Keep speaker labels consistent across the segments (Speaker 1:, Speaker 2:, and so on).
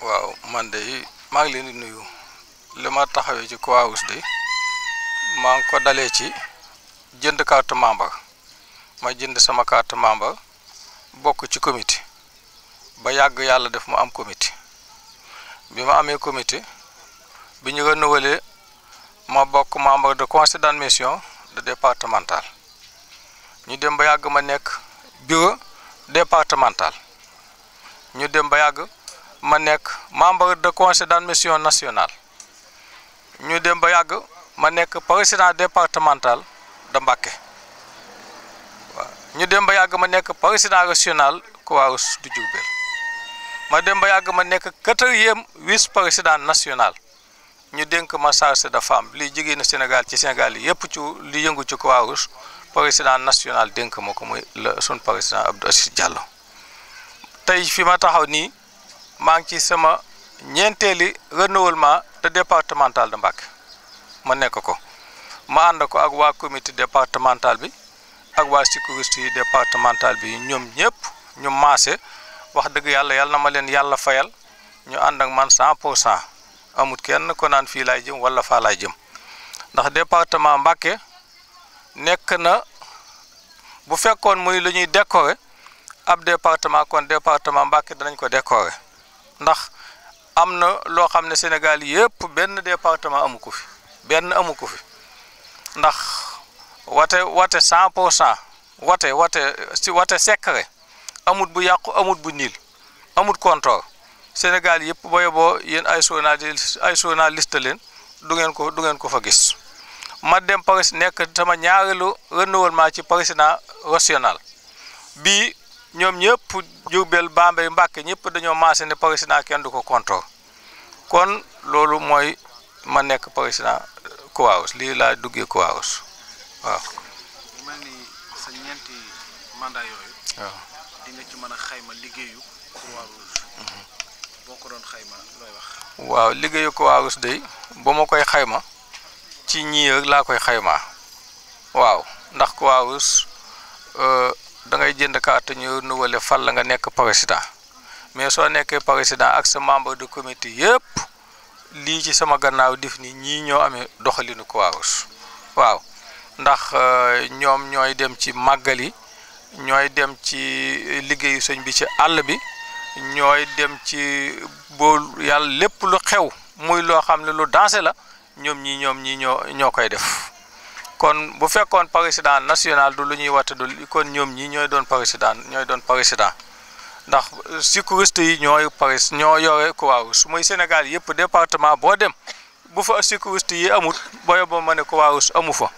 Speaker 1: waaw man de maa ngi leen di nuyu li ma taxawee ci Croix-Rouge de maa ngi ko dalee ci jënd carte membre ma jënd sama carte membre bokk ci comité ba yàgg yàlla def mu am comité bi ma amee comité bi ñu renouvelé ma bokk membre de conseil d'admission de départemental ñu dem ba yàgg ma nekk bureau départemental ñu dem ba yàgg. ma nekk membre de conseil d'admission national ñu dem ba yàgg ma nekk président départemental de Mbacké ñu dem ba yàgg ma nekk président régional Croix-Rouge du Diourbel ma dem ba yàgg ma nekk quatrième vice président national ñu dénk ma chargé de femme liy jigéenu Sénégal ci senegal yi yëpp ci li yëngu ci Croix-Rouge président national dénk ma ko muy la suñ président Abdou Aziz Diallo tey fi ma taxaw nii. maa ngi ci sama ñeenteeli renouvellement te départemental de Mbacké ma nekk ko ma ànd ko ak waa comité départemental bi ak waa sécurité yi départemental bi ñoom ñëpp ñu maase wax dëgg yàlla yàlla na ma leen yàlla fayal ñu ànd ak man 100 pour cent amut kenn ko naan fii laay jëm wala faa laay jëm ndax département Mbacké nekk na bu fekkoon muy lu ñuy décorer ab département kon département Mbacké danañ ko décorer. ndax am na loo xam ne Sénégal yëpp benn département amu ko fi benn amu ko fi ndax wate wate cent pour cent wate wate si wate amut bu yàqu amut bu niil amut compteur senegal yëpp booy boo yéen ay journaliste ay journaliste leen du ngeen ko du ngeen ko fa gis ma dem Paris nekk sama ñaareelu renouvellement ci président national bii. ñoom ñëpp Diourbel Bambey Mbàkke ñëpp dañoo maase ne président kenn du ko contre kon loolu mooy ma nekk président COAOS lii laa duggee COAOS waaw. mën a xayma liggéeyu Croix-Rouge. Mm-hmm. boo ko doon xayma looy wax. ma koy xayma ci ñii laa koy xaymaa waaw ndax croix dangay ngay jënd carte ñu nuwale fal la nga nekk président mais soo nekkee président ak sa membre du comité yëpp lii ci sama gannaaw dif ni ñii ñoo amee doxalinu Croix-Rouge waaw ndax euh, ñoom ñooy dem ci màggal yi ñooy dem ci liggéeyu sëñ bi ci àll bi ñooy dem ci boo yàlla lépp lu xew muy loo xam ne lu dansé la ñoom ñii ñoom ñii ñoo ñoo koy def kon bu fekkoon président national du lu ñuy wate du kon ñoom ñi ñooy doon président ñooy doon président ndax euh, secouriste yi ñooy paris ñoo yore Croix-Rouge muy Sénégal yëpp département boo dem bu fa secouriste yi amut booyo ba ma ne Croix-Rouge amu fa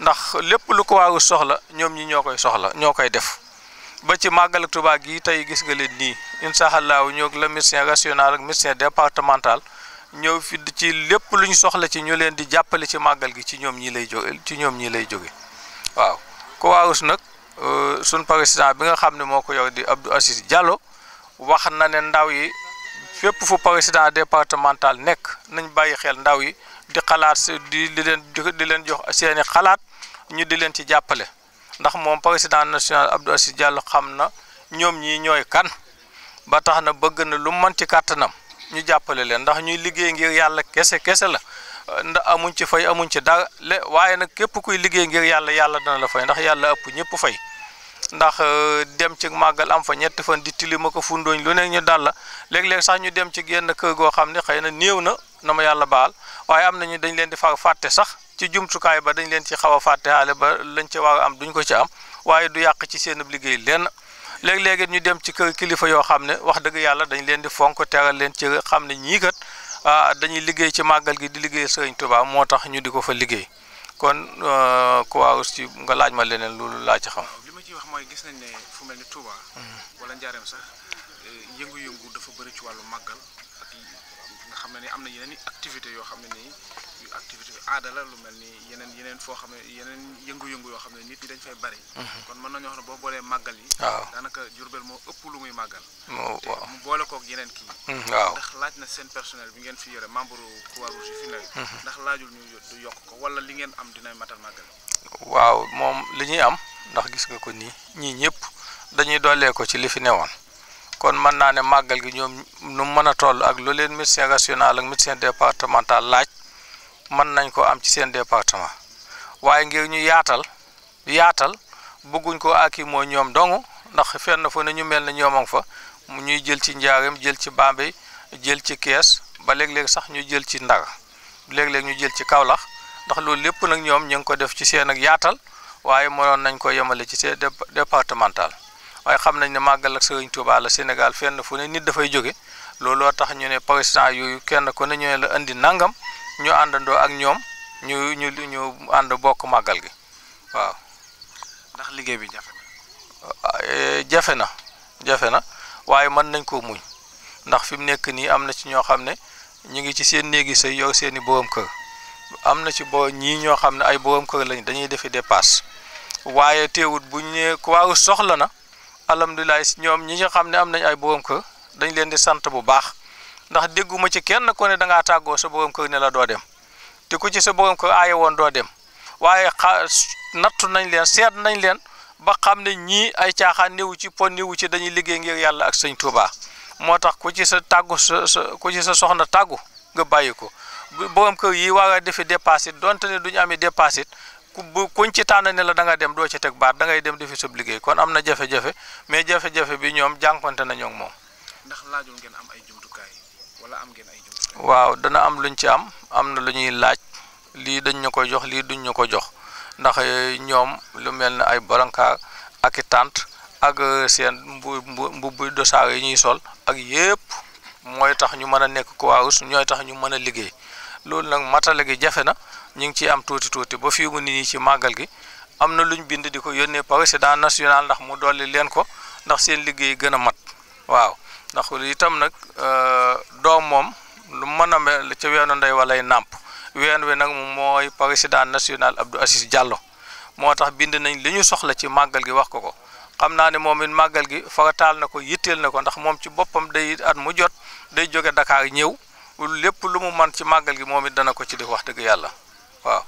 Speaker 1: ndax lépp lu Croix-Rouge soxla ñoom ñi ñoo koy soxla ñoo koy def ba ci màggal Tuubaa gi tey gis nga leen nii incha allahu ñoo la médecin régional ak médecin départemental ñëw fi ci lépp luñ soxla ci ñu leen di jàppale ci màggal gi ci ñoom ñi lay jóge ci ñoom ñi lay jóge waaw Croix-Rouge nag euh, suñ président bi nga xam ne moo ko yow di Abdou Aziz Diallo wax na ne ndaw yi fépp fu président départemental nekk nañ bàyyi xel ndaw yi di xalaat di di leen di leen jox seeni xalaat ñu di leen ci jàppale ndax moom président national Abdou Aziz Diallo xam na ñoom ñii ñooy kan ba tax na bëgg na lu mën ci kàttanam ñu jàppale leen ndax ñuy liggéey ngir yàlla kese kese la ndax amuñ ci fay amuñ ci dara le waaye nag képp kuy liggéey ngir yàlla yàlla dana la fay ndax yàlla ëpp ñëpp fay ndax euh, dem ci màggal am fa ñetti fan di ma ko fundooñ lu ne ñu dal la léeg-léeg sax ñu dem ci génn kër goo xam ne xëy na néew na na ma yàlla baal waaye am nañu dañ leen di far fàtte sax ci jumtukaay ba dañ leen ci xaw a fàtte xaale ba lañ ci war am duñ ko ci am waaye du yàq ci seen liggéey léegi léegi ñu dem ci kër kilifa yoo xam ne wax dëgg yàlla dañ leen di fonk teral leen ci xam ne ñii kat ah, dañuy liggéey ci màggal gi di liggéey Sëriñ Tuubaa moo tax ñu di ko fa liggéey kon Croix-Rouge euh, ci nga laaj ma leneen loolu laa ci xam. li ma ciy wax mooy gis nañ ne fu mel ni Touba. wala Njaareem sax eh, yëngu-yëngu dafa bëri ci wàllu màggal ak nga xam ne ni am na yeneen i activités yoo xam ne nii activité aada lu mel ni yeneen yeneen foo xam ne yeneen yëngu-yëngu xam ne nit ñi dañ fay bari. Mhm. kon mën boo boolee màggal yi. waaw daanaka Jurbel moo ëpp lu muy màggal. Oh, boole koog yeneen mhm, waaw laaj na seen personnel bi ngeen fi yore membre Croix-Rouge yi fi nekk. Mhm. ndax laajul ñu yokk ko wala li ngeen am dina matal màggal. waaw moom li ñuy am ndax gis nga ko nii ñii ñëpp dañuy doolee ko ci li fi ne woon kon mën naa ne màggal gi ñoom nu mën a toll ak lu leen médecin national ak médecin départemental laaj mën nañ ko am ci seen département waaye ngir ñu yaatal yaatal bëgguñ ko aki moo ñoom dong ndax fenn fu ne ñu mel ne ñoom a ngi fa ñuy jël ci njaareem jël ci Bambey jël ci Kees ba léeg-léeg sax ñu jël ci Ndar léeg-léeg ñu jël ci kawlax ndax loolu lépp nag ñoom ñu ngi ko def ci seen ak yaatal waaye mënoon nañ ko yemale ci seen départemental waaye xam nañ ne màggal ak Sëriñ Tuubaa la Sénégal fenn fu ne nit dafay jóge looloo tax ñu ne président yooyu kenn ko ne ñu ne la indi nangam ñu àndandoo ak ñoom ñu ñu ànd bokk màggal gi ndax liggéey bi jafe na. Eh, jafe na jafe na waaye mën nañ ko muñ ndax fi mu nekk nii am na ci ñoo xam ne ñu ngi ci seen néegi sëy yow seeni i kër am na ci bo ñii ñoo xam ne ay borom kër lañ dañuy defi dépasse waaye teewut bu ñu nee waaw soxla na alhamdulilah ñoom ñi nga xam ne am nañ ay borom dañ leen di sant bu baax ndax dégguma ci kenn ku ne da tàggoo sa borom kër ne la doo dem te ku ci sa borom kër aaye woon doo dem. waaye xa nattu nañ leen seet nañ leen ba xam ne ñii ay caaxaan néewu ci pon néewu ci dañuy liggéey ngir yàlla ak sëñ Tuubaa moo tax ku ci sa tàggu sa sa ku ci sa soxna tàggu nga bàyyi ko borom kër yi war a defi dépassé donte ne duñu amee dépassé ku bu kuñ ci tànn ne la danga dem doo ci teg baat da ngay dem defi sab liggéey kon am na jafe-jafe mais jafe-jafe bi ñoom jànkonte na moom. ndax laajul ngeen am ay jumtukaay wala am ngeen waaw dana am luñ ci am am na lu ñuy laaj. lii dañ ñu ko jox lii duñ ñu ko jox ndax eh, ñoom lu mel ne ay baranka ak i tànt ak eh, seen mbu mbubu dosaaw yi ñuy sol ak yépp mooy tax ñu mën a nekk Croix-Rouge ñooy tax ñu mën a liggéey loolu nag matale gi jafe na ñu ngi ciy am tuuti tuuti ba fii mu nit ñi ci màggal gi am na lu ñu bind di ko yónnee président national ndax mu dolli leen ko ndax seen liggéey gën a mat waaw ndax itam nag eh, doom moom lu mën a mel ca weenu ndey walay nàmp ween wi nag moom mooy président national Abdou Aziz Diallo moo tax bind nañ li ñu soxla ci màggal gi wax ko ko xam naa ne moom it màggal gi farataal na ko yitteel na ko ndax moom ci boppam day at mu jot day jóge Dakar ñëw lépp lu mu man ci màggal gi moom it dana ko ci def wax dëgg yàlla waaw